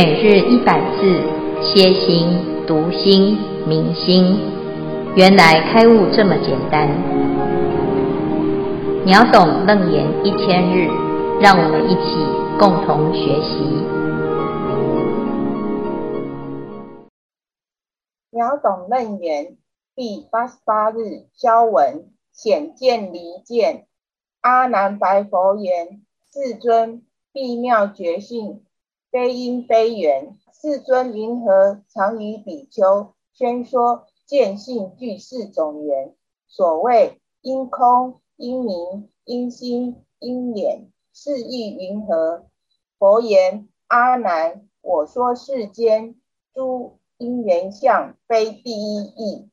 每日一百字，歇心、讀心、明心，原來開悟這麼簡單。秒懂楞嚴一千日，讓我們一起共同學習。秒懂楞嚴第八十八日，消文顯見離見。阿難白佛言：“世尊，必妙覺性。”非因非緣，世尊云何常與比丘宣說見性具四種緣？所謂因空、因明、因心、因眼，是義云何？佛言：阿難，我說世間諸因緣相，非第一義。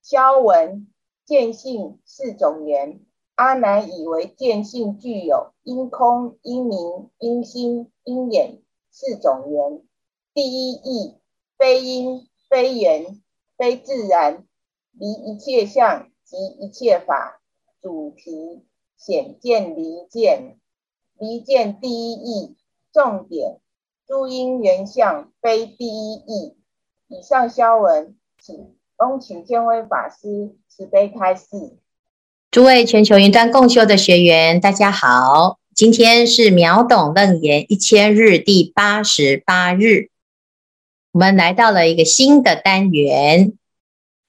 消文見性四種緣，阿難以為見性具有因空、因明、因心、因眼。四種緣，第一義非因非緣非自然，離一切相及一切法，主題顯見離見，離見第一義，重點諸因緣相非第一義。以上消文，請恭請見輝法師慈悲開示。諸位全球雲端共修的學員，大家好。今天是秒懂楞嚴一千日第八十八日，我們來到了一個新的單元，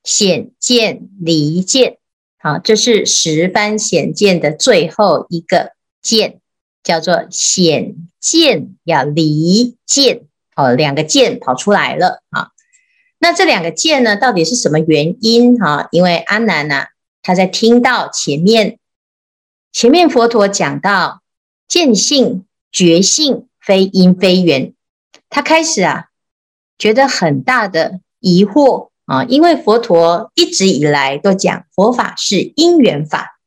顯見離見。好，這是十番顯見的最後一個見，叫做顯見要離見。哦，兩個見跑出來了啊。那這兩個見呢，到底是什麼原因哈、啊，因為阿難吶，他在聽到前面前面佛陀講到。見性覺性非因非緣，他開始啊覺得很大的疑惑啊，因為佛陀一直以來都講佛法是因緣法，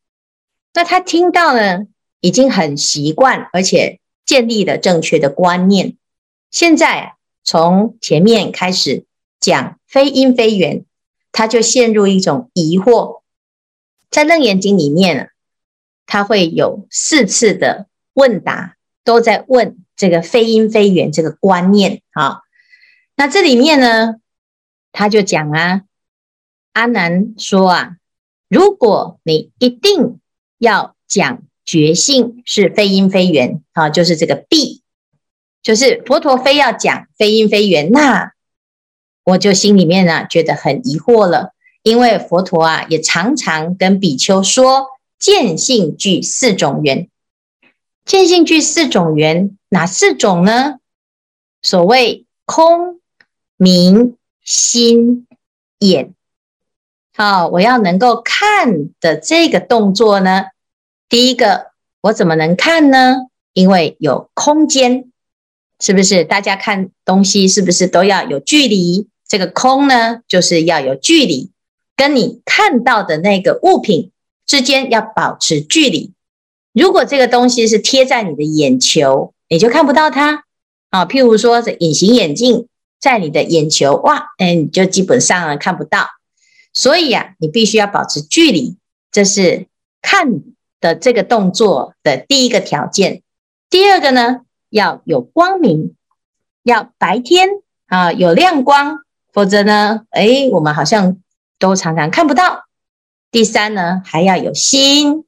那他聽到呢，已經很習慣，而且建立了正確的觀念，現在啊，從前面開始講非因非緣，他就陷入一種疑惑。在楞嚴經裡面啊，他會有四次的。問答都在問這個非因非緣這個觀念啊，那這裡面呢，他就講啊，阿難說啊，如果你一定要講覺性是非因非緣啊，就是這個必就是佛陀非要講非因非緣，那我就心裡面呢、啊、覺得很疑惑了，因為佛陀啊也常常跟比丘說，見性具四種緣。見性具四種緣，哪四種呢？所謂空、明、心、眼。好，我要能夠看的這個動作呢，第一個我怎麼能看呢？因為有空間，是不是？大家看東西是不是都要有距離？這個空呢，就是要有距離，跟你看到的那個物品之間要保持距離。如果這個東西是貼在你的眼球，你就看不到它啊。譬如說這隱形眼鏡在你的眼球，哇，哎，你就基本上、啊、看不到。所以啊，你必須要保持距離，這是看的這個動作的第一個條件。第二個呢，要有光明，要白天啊，有亮光，否則呢，誒、哎，我們好像都常常看不到。第三呢，還要有心。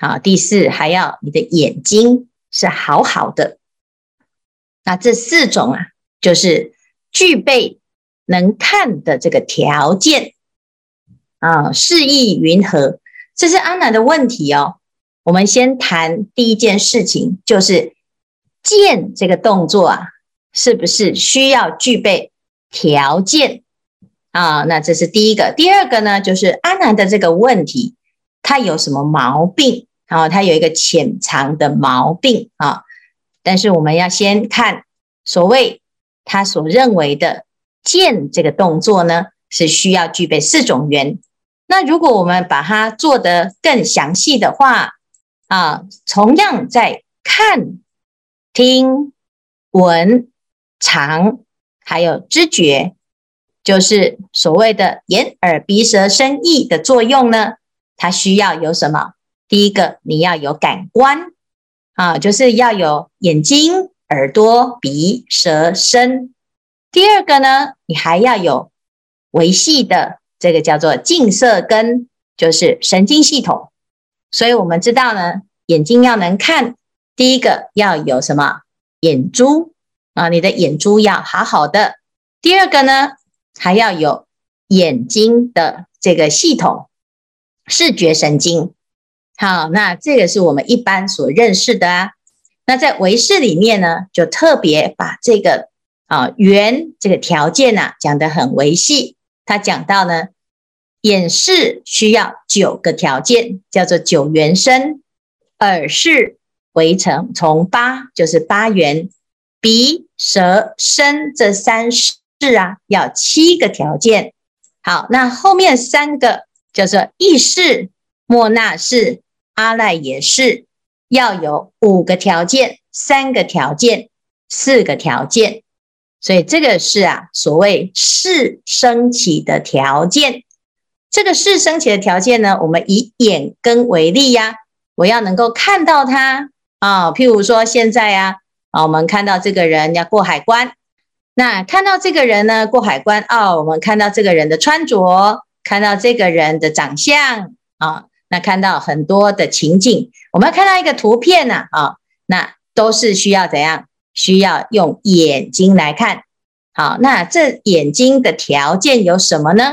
好、啊，第四還要你的眼睛是好好的。那這四種啊，就是具備能看的這個條件啊。是義云何？這是阿難的問題哦。我們先談第一件事情，就是見這個動作啊，是不是需要具備條件啊？那這是第一個。第二個呢，就是阿難的這個問題，他有什麼毛病？好、哦，他有一個潛藏的毛病啊，但是我們要先看所謂他所認為的見這個動作呢，是需要具備四種緣。那如果我們把它做得更詳細的話啊，同樣在看、聽、聞、嘗，還有知覺，就是所謂的眼、耳、鼻、舌、身、意的作用呢，它需要有什麼？第一個，你要有感官啊，就是要有眼睛、耳朵、鼻、舌、身。第二個呢，你還要有微細的，這個叫做淨色根，就是神經系統。所以我們知道呢，眼睛要能看，第一個要有什麼？眼珠啊，你的眼珠要好好的。第二個呢，還要有眼睛的這個系統，視覺神經。好，那這個是我們一般所認識的啊。那在唯識裡面呢，就特別把這個啊緣這個條件啊講得很微細，他講到呢，眼識需要九個條件，叫做九緣生，耳識圍成從八就是八緣，鼻、舌、身這三識啊要七個條件。好，那後面三個叫做意識，末那識。阿賴耶識要有五個條件、三個條件、四個條件，所以這個是啊，所謂是升起的條件。這個是升起的條件呢，我們以眼根為例呀、啊，我要能夠看到它啊。譬如說現在呀、啊，啊，我們看到這個人要過海關，那看到這個人呢過海關哦、啊，我們看到這個人的穿着，看到這個人的長相啊。那看到很多的情境，我們看到一個圖片呢、啊，啊、哦，那都是需要怎樣？需要用眼睛來看。好、哦，那這眼睛的條件有什麼呢？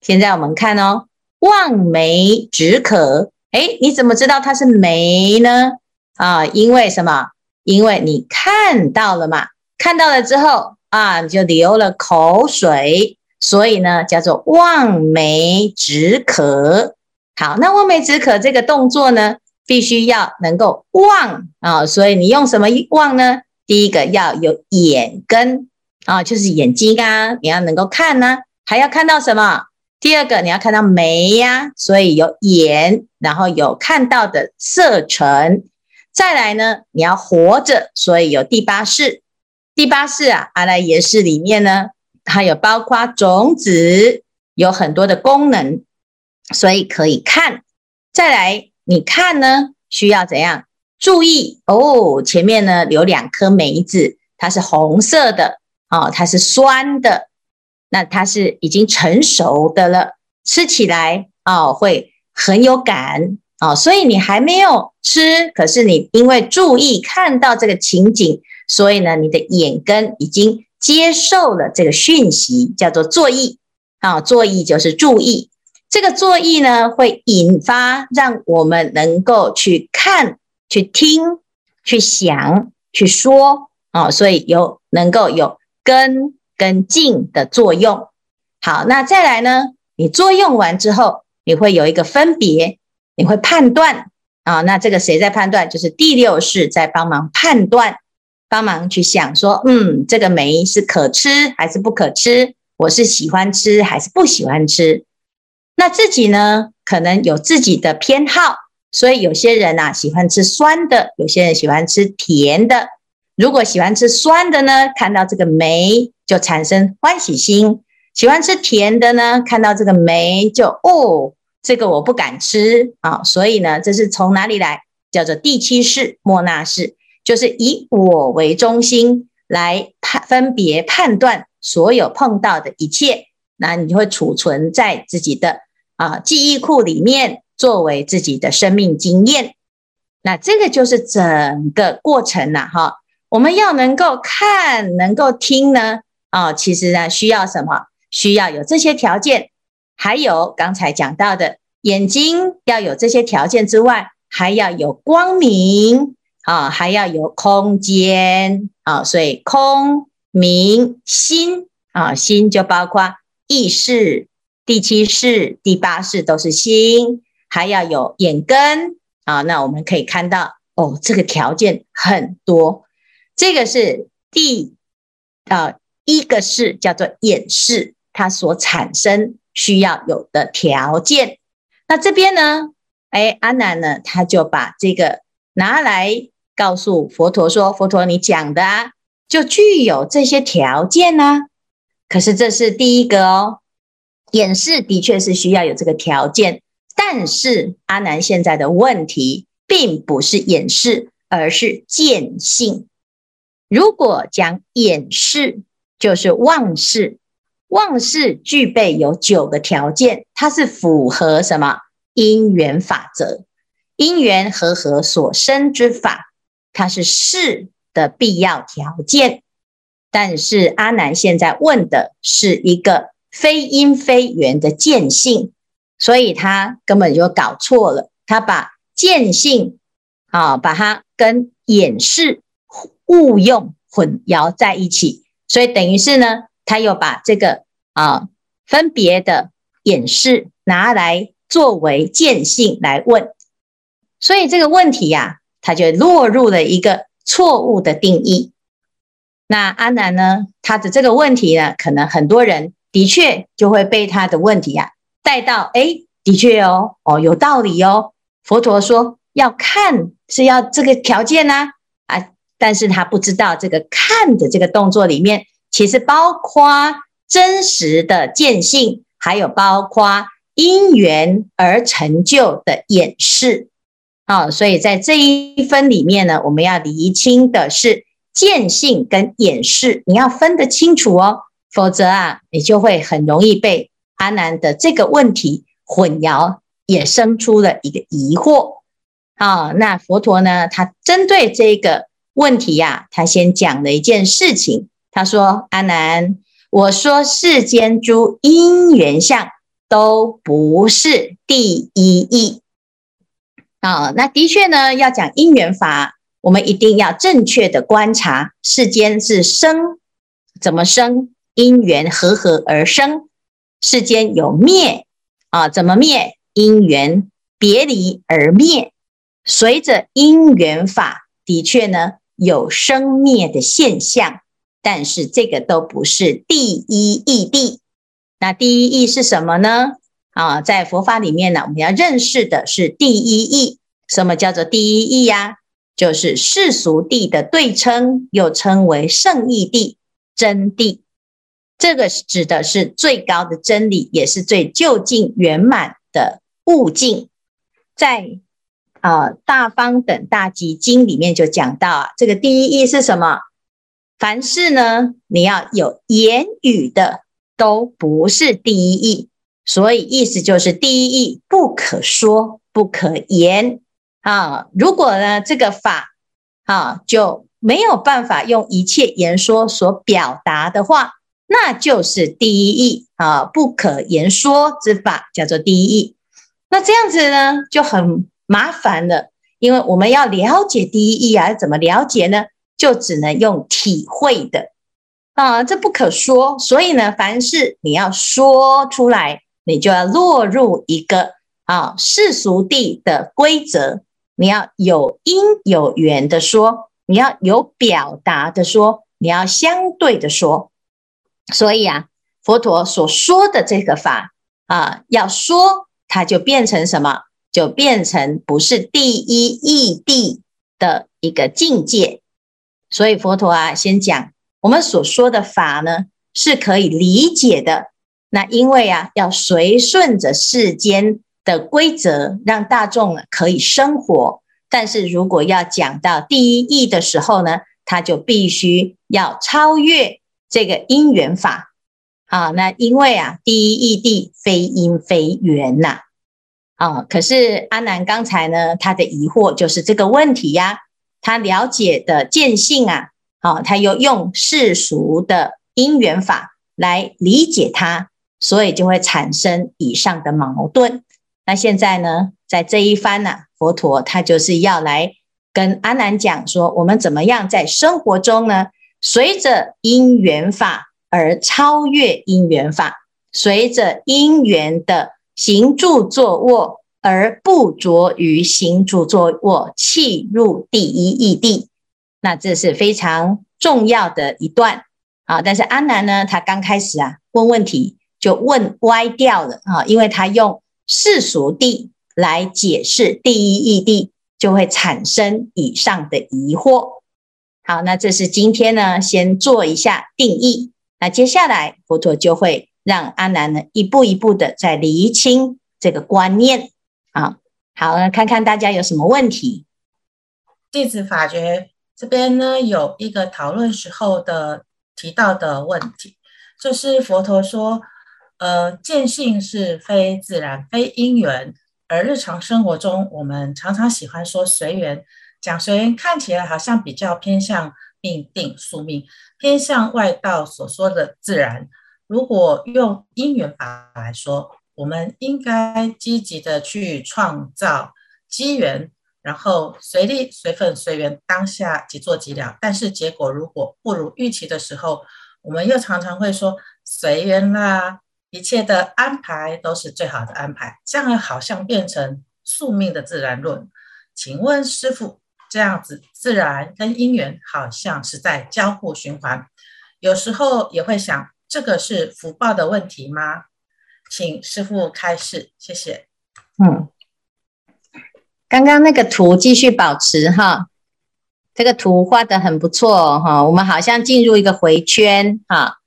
現在我們看哦，望梅止渴。哎，你怎麼知道它是梅呢？啊、哦，因為什麼？因為你看到了嘛，看到了之後啊，你就流了口水，所以呢，叫做望梅止渴。好，那望梅止渴這個動作呢，必須要能夠望啊、哦，所以你用什麼望呢？第一個要有眼根啊、哦，就是眼睛啊，你要能夠看啊，還要看到什麼？第二個你要看到梅呀、啊，所以有眼，然後有看到的色塵。再來呢，你要活着，所以有第八識。第八識啊，阿賴耶識裡面呢，它有包括種子，有很多的功能。所以可以看，再來你看呢？需要怎樣？注意哦，前面呢有兩顆梅子，它是紅色的哦，它是酸的，那它是已經成熟的了，吃起來哦會很有感哦，所以你還沒有吃，可是你因為注意看到這個情景，所以呢你的眼根已經接受了這個訊息，叫做作意啊、哦，作意就是注意。這個作意呢，會引發讓我們能夠去看、去聽、去想、去說啊、哦，所以有能夠有根跟，跟境的作用。好，那再來呢？你作用完之後，你會有一個分別，你會判斷啊、哦。那這個誰在判斷？就是第六識在幫忙判斷，幫忙去想說，嗯，這個梅是可吃還是不可吃？我是喜歡吃還是不喜歡吃？那自己呢，可能有自己的偏好，所以有些人啊喜歡吃酸的，有些人喜歡吃甜的。如果喜歡吃酸的呢，看到這個梅就產生歡喜心；喜歡吃甜的呢，看到這個梅就哦，這個我不敢吃啊。所以呢，這是從哪裡來？叫做第七識末那識，就是以我為中心來判分別判斷所有碰到的一切，那你就會儲存在自己的。啊，記憶庫裡面作為自己的生命經驗，那這個就是整個過程了，啊、哈。我們要能夠看，能夠聽呢，啊，其實呢需要什麼？需要有這些條件，還有剛才講到的眼睛要有這些條件之外，還要有光明啊，還要有空間啊，所以空明心啊，心就包括意識。第七識、第八識都是心，還要有眼根啊。那我們可以看到，哦，這個條件很多。這個是第啊、呃、一個識，叫做眼識，它所產生需要有的條件。那這邊呢，哎，阿難呢，他就把這個拿來告訴佛陀說：“佛陀，你講的啊，就具有這些條件啊，可是這是第一個哦。”眼識的確是需要有這個條件，但是阿難現在的問題並不是眼識，而是見性。如果講眼識，就是妄識，妄識具備有九個條件，它是符合什麼因緣法則？因緣和合所生之法，它是識的必要條件。但是阿難現在問的是一個。非因非緣的見性，所以他根本就搞錯了，他把見性啊，把它跟眼識誤用混淆在一起，所以等於是呢，他又把這個啊分別的眼識拿來作為見性來問，所以這個問題呀、啊，他就落入了一個錯誤的定義。那阿難呢，他的這個問題呢，可能很多人。的確，就會被他的問題呀、啊、帶到。誒、欸、的確哦，哦，有道理哦。佛陀說要看是要這個條件呢啊，啊，但是他不知道這個看的這個動作裡面，其實包括真實的見性，還有包括因緣而成就的演示。好、哦，所以在這一分裡面呢，我們要釐清的是見性跟演示，你要分得清楚哦。否則啊，你就會很容易被阿難的這個問題混淆，衍生出了一個疑惑。好、哦，那佛陀呢？他針對這個問題呀、啊，他先講了一件事情。他說：“阿難，我說世間諸因緣相都不是第一義啊、哦。那的確呢，要講因緣法，我們一定要正確的觀察世間是生怎麼生。”因緣和合而生，世間有滅啊？怎麼滅？因緣別離而滅。隨着因緣法，的確呢有生滅的現象，但是這個都不是第一義諦。那第一義是什麼呢？啊，在佛法裡面呢，我們要認識的是第一義。什麼叫做第一義呀、啊？就是世俗諦的對稱，又稱為聖義諦、真諦。這個是指的是最高的真理，也是最究竟圓滿的悟境。在啊、呃《大方等大集經》裡面就講到啊，這個第一義是什麼？凡事呢，你要有言語的，都不是第一義，所以意思就是，第一義不可說，不可言啊。如果呢，這個法啊，就沒有辦法用一切言說所表達的話。那就是第一義啊，不可言說之法，叫做第一義。那這樣子呢，就很麻煩了，因為我們要了解第一義啊，怎麼了解呢？就只能用體會的啊，這不可說。所以呢，凡事你要說出來，你就要落入一個啊世俗地的規則。你要有因有緣的說，你要有表達的說，你要相對的說。所以啊，佛陀所說的這個法啊，要說它就變成什麼？就變成不是第一義諦的一個境界。所以佛陀啊，先講我們所說的法呢，是可以理解的。那因為啊，要隨順着世間的規則，讓大眾可以生活。但是如果要講到第一義的時候呢，他就必須要超越。這個因緣法啊，那因為啊，第一義諦非因非緣吶啊，啊，可是阿難剛才呢，他的疑惑就是這個問題呀，啊，他了解的見性啊，啊，他又用世俗的因緣法來理解他，所以就會產生以上的矛盾。那現在呢，在這一番吶，啊，佛陀他就是要來跟阿難講說，我們怎麼樣在生活中呢？隨着因緣法而超越因緣法，隨着因緣的行住坐臥而不着於行住坐臥，契入第一義地。那這是非常重要的一段啊！但是阿難呢，他剛開始啊問問題就問歪掉了啊，因為他用世俗地來解釋第一義地，就會產生以上的疑惑。好，那這是今天呢，先做一下定義。那接下來佛陀就會讓阿難呢一步一步的再理清這個觀念。好好，那看看大家有什麼問題？弟子法覺這邊呢有一個討論時候的提到的問題，就是佛陀說，呃，見性是非自然，非因緣，而日常生活中我們常常喜歡說隨緣。講隨緣看起來好像比較偏向命定宿命，偏向外道所說的自然。如果用因緣法來說，我們應該積極的去創造機緣，然後隨力、隨分、隨緣，當下即做即了。但是結果如果不如預期的時候，我們又常常會說隨緣啦、啊，一切的安排都是最好的安排。這樣好像變成宿命的自然論。請問師父？這樣子自然跟因緣好像是在交互循環，有時候也會想，這個是福報的問題嗎？請師父開示，謝謝。嗯，剛剛那個圖繼續保持哈，這個圖畫得很不錯哈，我們好像進入一個回圈哈，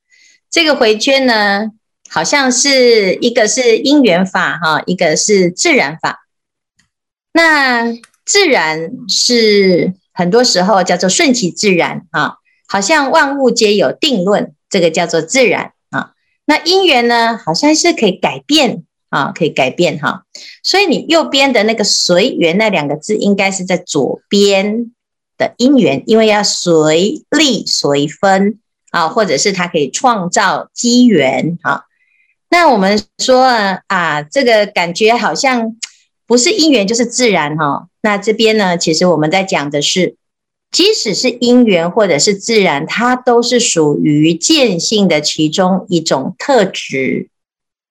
這個回圈呢，好像是一個是因緣法哈，一個是自然法，那。自然是很多時候叫做順其自然啊，好像萬物皆有定論，這個叫做自然啊。那因緣呢，好像是可以改變啊，可以改變哈。所以你右邊的那個隨緣那兩個字，應該是在左邊的因緣，因為要隨力隨分啊，或者是它可以創造機緣啊。那我們說啊，這個感覺好像。不是因緣就是自然哈、哦，那這邊呢，其實我們在講的是，即使是因緣或者是自然，它都是屬於見性的其中一種特質。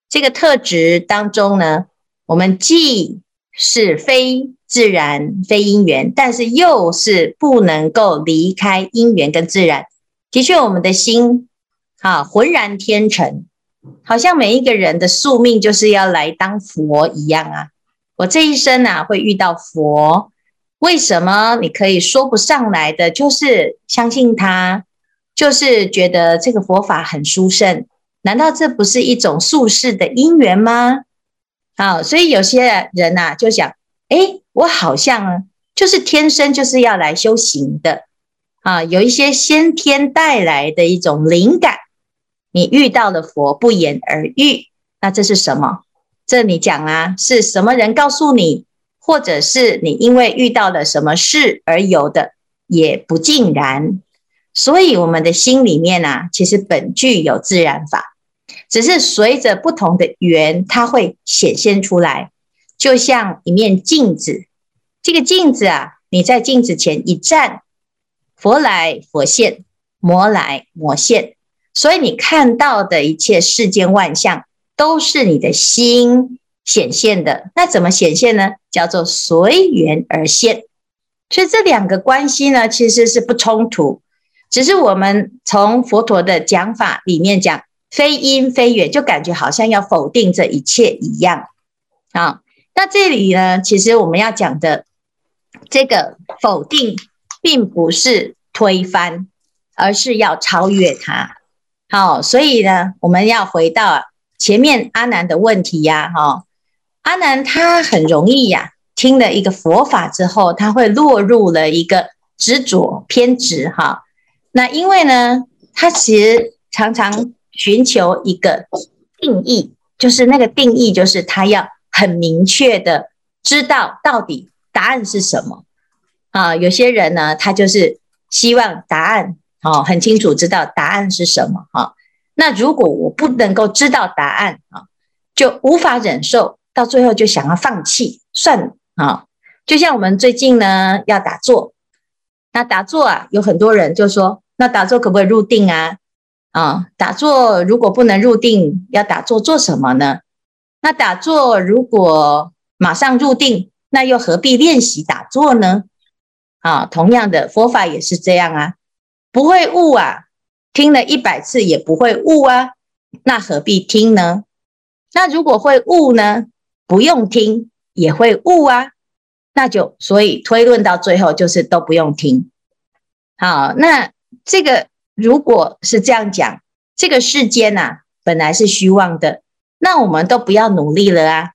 這個特質當中呢，我們既是非自然非因緣，但是又是不能夠離開因緣跟自然。的確，我們的心啊，渾然天成，好像每一個人的宿命就是要來當佛一樣啊。我這一生吶、啊，會遇到佛，為什麼你可以說不上來的，就是相信他，就是覺得這個佛法很殊勝。難道這不是一種宿世的因緣嗎？好，所以有些人吶、啊，就想，誒、欸，我好像就是天生就是要來修行的啊，有一些先天帶來的一種靈感。你遇到了佛，不言而喻，那這是什麼？這你講啊，是什麼人告訴你，或者是你因為遇到了什麼事而有的，也不盡然。所以，我們的心裡面啊，其實本具有自然法，只是隨着不同的緣，它會顯現出來。就像一面鏡子，這個鏡子啊，你在鏡子前一站，佛來佛現，魔來魔現，所以你看到的一切世間萬象，都是你的心顯現的，那怎麼顯現呢？叫做隨緣而現。所以這兩個關係呢，其實是不衝突，只是我們從佛陀的講法裡面講，非因非緣，就感覺好像要否定這一切一樣啊。好，那這裡呢，其實我們要講的這個否定，並不是推翻，而是要超越它。好，所以呢，我們要回到。前面阿難的問題呀、啊，哈，阿難他很容易呀、啊，聽了一個佛法之後，他會落入了一個執着偏執哈。那因為呢，他其實常常尋求一個定義，就是那個定義，就是他要很明確的知道到底答案是什麼啊。有些人呢，他就是希望答案哦，很清楚知道答案是什麼哈。那如果我不能夠知道答案啊，就無法忍受，到最後就想要放棄算了啊。就像我們最近呢要打坐，那打坐啊，有很多人就說，那打坐可不可以入定啊？啊，打坐如果不能入定，要打坐做什麼呢？那打坐如果馬上入定，那又何必練習打坐呢？啊，同樣的佛法也是這樣啊，不會悟啊。聽了一百次也不會悟啊，那何必聽呢？那如果會悟呢？不用聽也會悟啊，那就所以推論到最後就是都不用聽。好，那這個如果是這樣講，這個世間吶啊，本來是虛妄的，那我們都不要努力了啊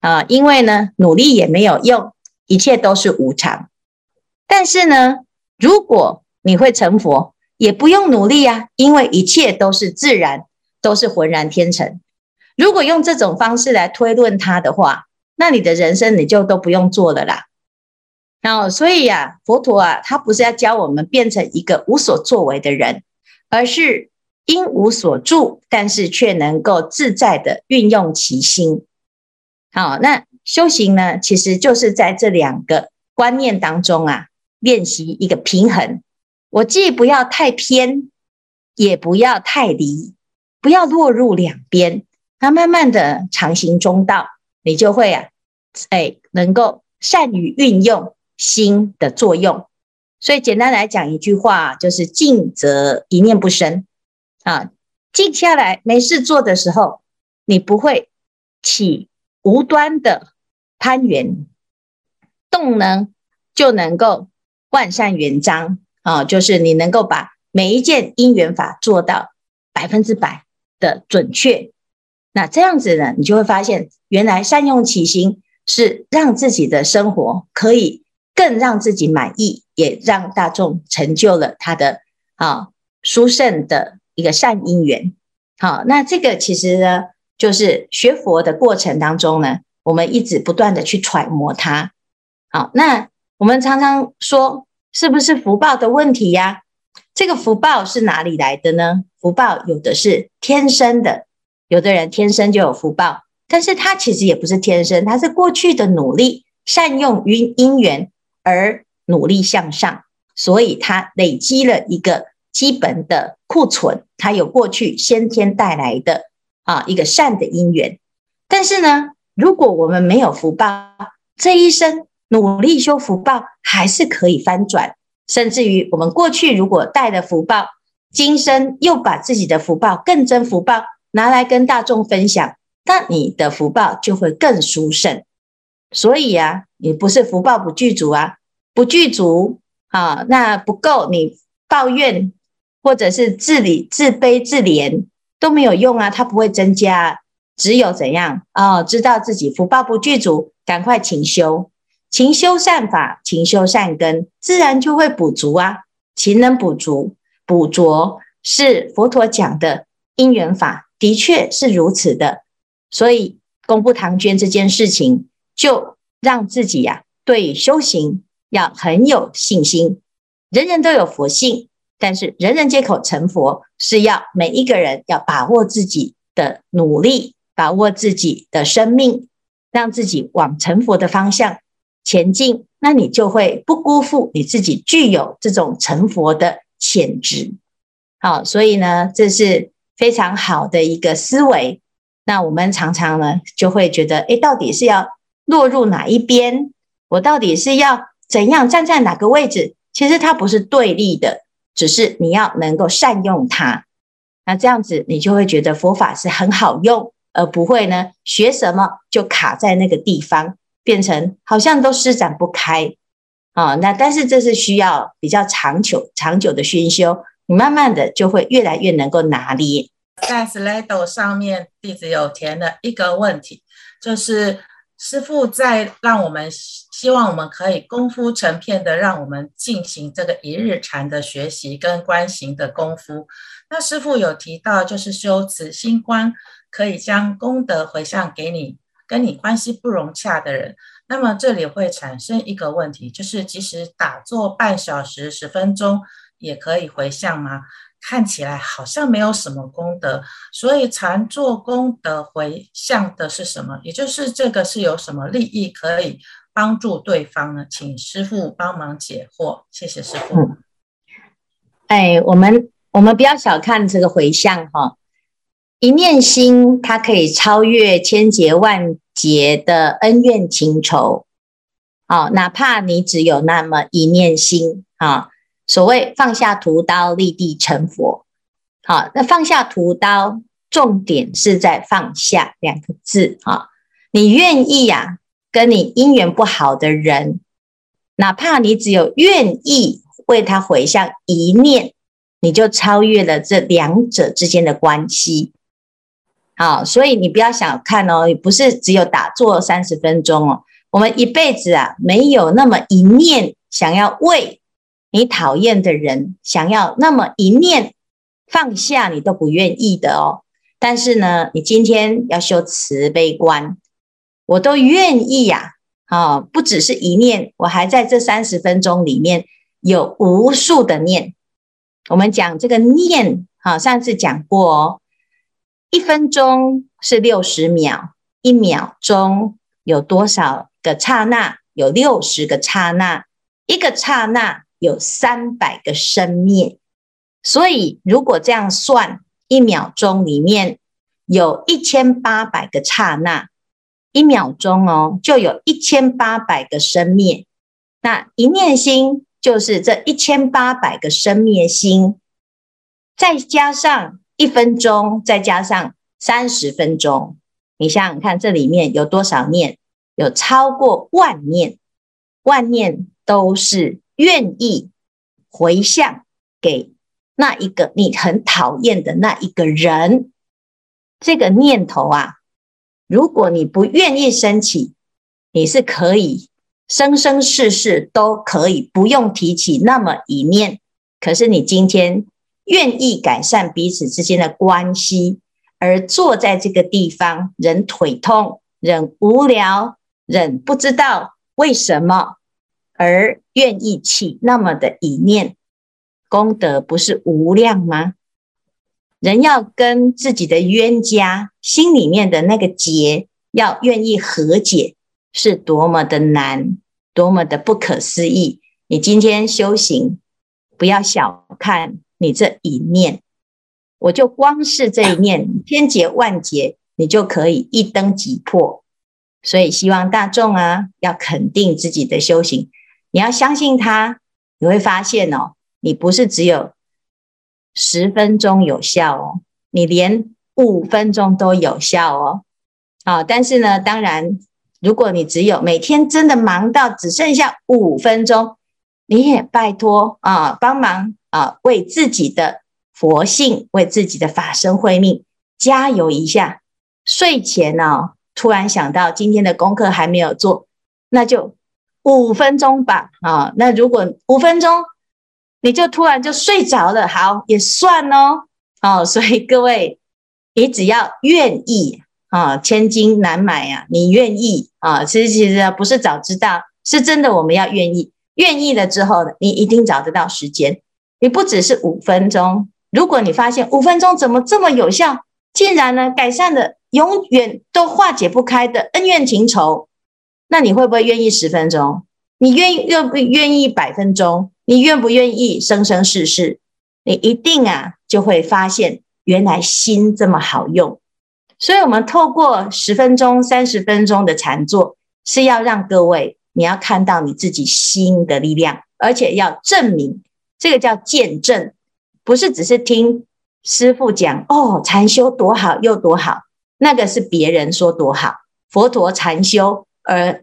啊，因為呢努力也沒有用，一切都是無常。但是呢，如果你會成佛。也不用努力啊，因為一切都是自然，都是渾然天成。如果用這種方式來推論它的話，那你的人生你就都不用做了啦。然後，所以呀、啊，佛陀啊，他不是要教我們變成一個無所作為的人，而是應無所住，但是卻能夠自在地運用其心。好，那修行呢，其實就是在這兩個觀念當中啊，練習一個平衡。我既不要太偏，也不要太離，不要落入兩邊，那慢慢的常行中道，你就會啊，哎、欸，能夠善於運用心的作用。所以簡單來講一句話，就是靜則一念不生啊，靜下來沒事做的時候，你不會起無端的攀緣，動呢，就能夠萬善圓彰。啊、哦，就是你能夠把每一件因緣法做到百分之百的準確，那這樣子呢，你就會發現，原來善用其心是讓自己的生活可以更讓自己滿意，也讓大眾成就了他的啊、哦、殊勝的一個善因緣。好、哦，那這個其實呢，就是學佛的過程當中呢，我們一直不斷的去揣摩它。好、哦，那我們常常說。是不是福報的問題呀？這個福報是哪裡來的呢？福報有的是天生的，有的人天生就有福報，但是他其實也不是天生，他是過去的努力，善用於因緣而努力向上，所以他累積了一個基本的庫存，他有過去先天帶來的啊一個善的因緣。但是呢，如果我們沒有福報，這一生，努力修福報還是可以翻轉，甚至於我們過去如果帶了福報，今生又把自己的福報更增福報拿來跟大眾分享，那你的福報就會更殊勝。所以啊，你不是福報不具足啊，不具足啊，那不夠你抱怨或者是自理、自卑、自憐都沒有用啊，它不會增加。只有怎樣啊、哦，知道自己福報不具足，趕快勤修。勤修善法，勤修善根，自然就會補足啊。勤能補足，補拙是佛陀講的因緣法，的確是如此的。所以功不唐捐這件事情，就讓自己呀、啊、對修行要很有信心。人人都有佛性，但是人人皆可成佛，是要每一個人要把握自己的努力，把握自己的生命，讓自己往成佛的方向前進，那你就會不辜負你自己具有這種成佛的潛質。好，所以呢，這是非常好的一個思維。那我們常常呢，就會覺得，誒，到底是要落入哪一邊？我到底是要怎樣站在哪個位置？其實它不是對立的，只是你要能夠善用它。那這樣子，你就會覺得佛法是很好用，而不會呢，學什麼就卡在那個地方，變成好像都施展不開啊、呃！那但是這是需要比較長久、長久的熏修你慢慢的就會越來越能夠拿捏。在 Slido 上面，弟子有填了一個問題，就是師傅在讓我們希望我們可以功夫成片的，讓我們進行這個一日禪的學習跟觀行的功夫。那師傅有提到，就是修持心觀，可以將功德回向給你。跟你關係不融洽的人，那麼這裡會產生一個問題，就是即使打坐半小時、十分鐘也可以回向嗎？看起來好像沒有什麼功德，所以禪坐功德回向的是什麼？也就是這個是有什麼利益可以幫助對方呢？請師父幫忙解惑，謝謝師父。嗯。哎，我們我們不要小看這個回向哈、哦。一念心，它可以超越千劫萬劫的恩怨情仇。好、哦，哪怕你只有那麼一念心啊，所謂放下屠刀，立地成佛。好、啊，那放下屠刀，重點是在放下兩個字啊。你願意呀、啊？跟你姻緣不好的人，哪怕你只有願意為他回向一念，你就超越了這兩者之間的關係。好，所以你不要小看哦，不是只有打坐三十分鐘哦，我們一輩子啊，沒有那麼一念想要為你討厭的人，想要那麼一念放下，你都不願意的哦。但是呢，你今天要修慈悲觀，我都願意呀、啊。好、啊，不只是一念，我還在這三十分鐘裡面有無數的念。我們講這個念，好、啊，上次講過哦。一分鐘是六十秒，一秒鐘有多少個剎那？有六十個剎那，一個剎那有三百個生滅，所以如果這樣算，一秒鐘裡面有一千八百個剎那，一秒鐘哦，就有一千八百個生滅，那一念心就是這一千八百個生滅心，再加上。一分鐘，再加上三十分鐘，你想想看，這裡面有多少念？有超過萬念，萬念都是願意回向給那一個你很討厭的那一個人。這個念頭啊，如果你不願意升起，你是可以生生世世都可以不用提起那麼一念。可是你今天。願意改善彼此之間的關係，而坐在這個地方，忍腿痛，忍無聊，忍不知道為什麼，而願意起那麼的一念，功德不是無量嗎？人要跟自己的冤家心裡面的那個結要願意和解，是多麼的難，多麼的不可思議！你今天修行，不要小看，你這一念，我就光是這一念，千劫萬劫，你就可以一燈即破。所以希望大眾啊，要肯定自己的修行，你要相信他，你會發現哦，你不是只有十分鐘有效哦，你連五分鐘都有效哦。好，啊，但是呢，當然，如果你只有每天真的忙到只剩下五分鐘，你也拜託啊，幫忙。啊，為自己的佛性，為自己的法身慧命加油一下。睡前呢、哦，突然想到今天的功課還沒有做，那就五分鐘吧。啊，那如果五分鐘你就突然就睡着了，好也算哦。哦、啊，所以各位，你只要願意啊，千金難買呀、啊，你願意啊。其實其實不是早知道，是真的我們要願意，願意了之後呢，你一定找得到時間。你不只是五分鐘，如果你發現五分鐘怎麼這麼有效，竟然呢改善了永遠都化解不開的恩怨情仇，那你會不會願意十分鐘？你願意願不願意百分鐘？你願不願意生生世世？你一定啊就會發現原來心這麼好用。所以，我們透過十分鐘、三十分鐘的禪坐，是要讓各位你要看到你自己心的力量，而且要證明。這個叫見證，不是只是聽師父講哦，禪修多好又多好，那個是別人說多好。佛陀禪修而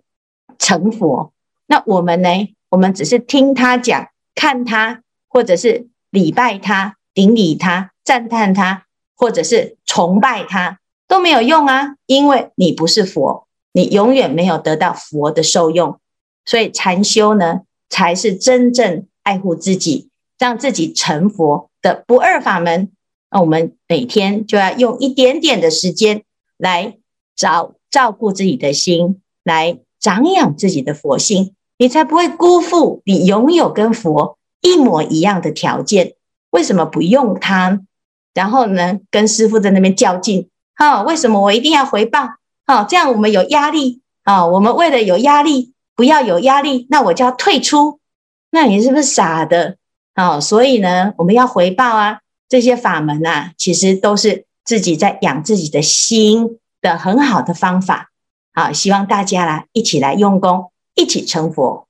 成佛，那我們呢？我們只是聽他講，看他，或者是禮拜他、頂禮他、讚歎他，或者是崇拜他，都沒有用啊，因為你不是佛，你永遠沒有得到佛的受用。所以禪修呢，才是真正愛護自己。讓自己成佛的不二法門，那我們每天就要用一點點的時間來找照顧自己的心，來長養自己的佛性，你才不會辜負你擁有跟佛一模一樣的條件。為什麼不用它？然後呢，跟師父在那邊較勁啊、哦？為什麼我一定要回報啊、哦？這樣我們有壓力啊、哦？我們為了有壓力，不要有壓力，那我就要退出？那你是不是傻的？哦，所以呢，我們要回報啊，這些法門啊，其實都是自己在養自己的心的很好的方法。好，啊，希望大家啦，一起來用功，一起成佛。